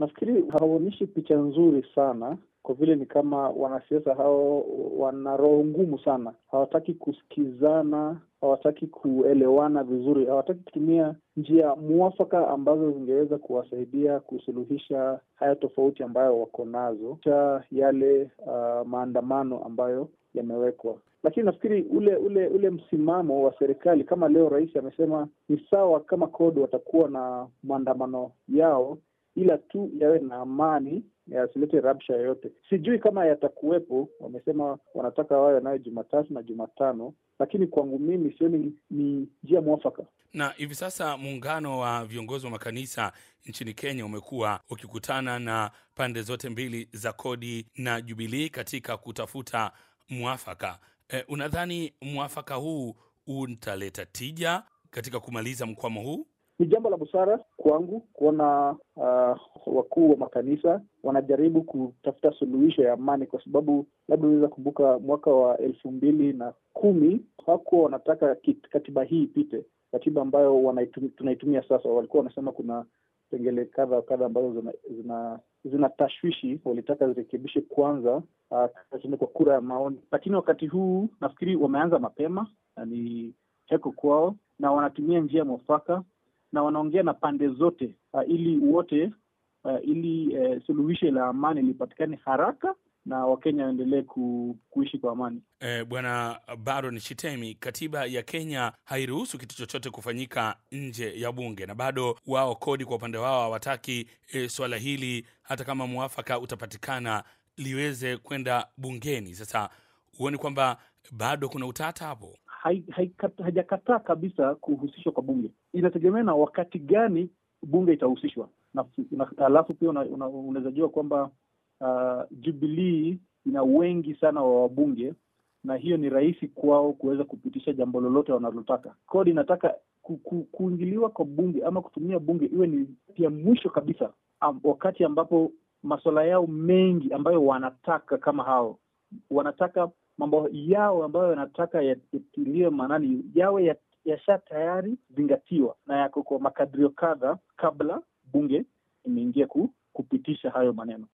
Nafikiri hawaonyeshi picha nzuri sana kwa vile ni kama wanasiasa hao wana roho ngumu sana, hawataki kusikizana, hawataki kuelewana vizuri, hawataki kutumia njia mwafaka ambazo zingeweza kuwasaidia kusuluhisha haya tofauti ambayo wako nazo cha yale uh, maandamano ambayo yamewekwa. Lakini nafikiri ule ule ule msimamo wa serikali, kama leo rais amesema ni sawa, kama CORD watakuwa na maandamano yao ila tu yawe na amani, yasilete rabsha yoyote. Sijui kama yatakuwepo, wamesema wanataka wawe nayo Jumatatu na Jumatano, lakini kwangu mimi sioni ni njia mwafaka. Na hivi sasa muungano wa viongozi wa makanisa nchini Kenya umekuwa ukikutana na pande zote mbili za kodi na Jubilii katika kutafuta mwafaka. E, unadhani mwafaka huu utaleta tija katika kumaliza mkwamo huu? Ni jambo la busara kwangu kuona uh, wakuu wa makanisa wanajaribu kutafuta suluhisho ya amani, kwa sababu labda unaweza kumbuka mwaka wa elfu mbili na kumi hawakuwa wanataka katiba hii ipite, katiba ambayo tunaitumia sasa. Walikuwa wanasema kuna pengele kadha wa kadha ambazo zina, zina, zina tashwishi, walitaka zirekebishe kwanza uh, kwa kura ya maoni, lakini wakati huu nafikiri wameanza mapema na ni heko kwao na wanatumia njia mwafaka na wanaongea na pande zote uh, ili wote uh, ili uh, suluhisho la amani lipatikane haraka na Wakenya waendelee ku, kuishi kwa amani. E, Bwana Baron Shitemi, katiba ya Kenya hairuhusu kitu chochote kufanyika nje ya bunge, na bado wao kodi kwa upande wao hawataki e, swala hili hata kama mwafaka utapatikana liweze kwenda bungeni. Sasa huoni kwamba bado kuna utata hapo? hajakataa kabisa kuhusishwa kwa bunge. Inategemea na wakati gani bunge itahusishwa, alafu pia unaweza una, jua kwamba uh, Jubilii ina wengi sana wa wabunge na hiyo ni rahisi kwao kuweza kupitisha jambo lolote wanalotaka. Kodi inataka kuingiliwa kwa bunge ama kutumia bunge iwe ni ya mwisho kabisa, um, wakati ambapo masuala yao mengi ambayo wanataka kama hao wanataka mambo yao ambayo yanataka yatiliwe maanani, yawe yasha tayari zingatiwa na yako kwa makadirio kadha kabla bunge imeingia kupitisha hayo maneno.